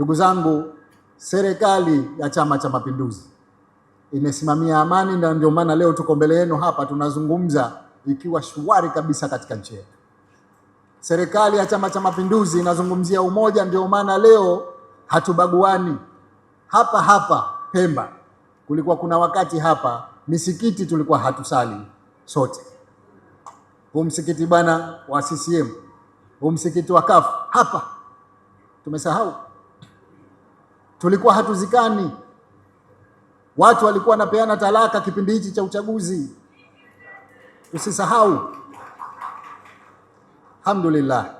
Ndugu zangu, serikali ya Chama cha Mapinduzi imesimamia amani, na ndio maana leo tuko mbele yenu hapa tunazungumza ikiwa shwari kabisa katika nchi yetu. Serikali ya Chama cha Mapinduzi inazungumzia umoja, ndio maana leo hatubaguani. Hapa hapa Pemba kulikuwa kuna wakati hapa misikiti tulikuwa hatusali sote, huu msikiti bwana wa CCM, huu msikiti wa kafu hapa tumesahau tulikuwa hatuzikani. Watu walikuwa wanapeana talaka kipindi hichi cha uchaguzi, usisahau. Alhamdulillah,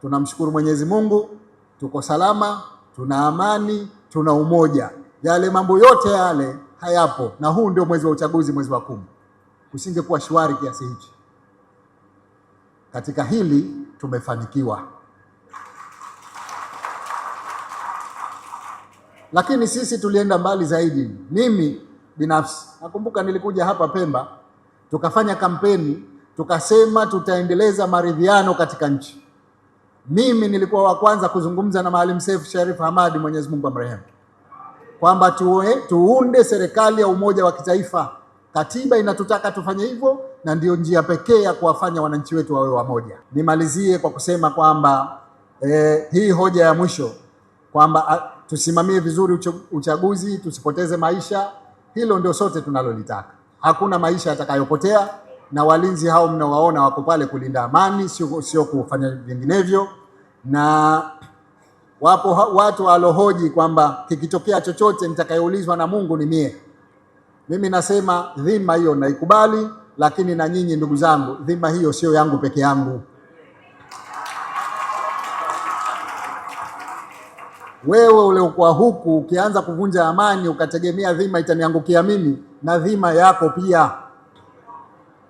tunamshukuru Mwenyezi Mungu, tuko salama, tuna amani, tuna umoja. Yale mambo yote yale hayapo, na huu ndio mwezi wa uchaguzi, mwezi wa kumi. Kusingekuwa shwari kiasi hichi. Katika hili tumefanikiwa. Lakini sisi tulienda mbali zaidi. Mimi binafsi nakumbuka nilikuja hapa Pemba, tukafanya kampeni, tukasema tutaendeleza maridhiano katika nchi. Mimi nilikuwa wa kwanza kuzungumza na Maalim Seif Sharif Hamad, Mwenyezi Mungu amrehemu, kwamba tuwe tuunde serikali ya umoja wa kitaifa. Katiba inatutaka tufanye hivyo, na ndiyo njia pekee ya kuwafanya wananchi wetu wawe wamoja. Nimalizie kwa kusema kwamba eh, hii hoja ya mwisho kwamba ah, tusimamie vizuri uchaguzi, tusipoteze maisha. Hilo ndio sote tunalolitaka. Hakuna maisha yatakayopotea, na walinzi hao mnaowaona wako pale kulinda amani, sio sio kufanya vinginevyo. Na wapo watu walohoji kwamba kikitokea chochote nitakayeulizwa na Mungu ni mie. Mimi nasema dhima hiyo naikubali, lakini na nyinyi ndugu zangu, dhima hiyo sio yangu peke yangu. Wewe uliokuwa huku ukianza kuvunja amani ukategemea dhima itaniangukia mimi, na dhima yako pia.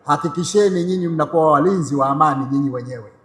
Hakikisheni nyinyi mnakuwa walinzi wa amani nyinyi wenyewe.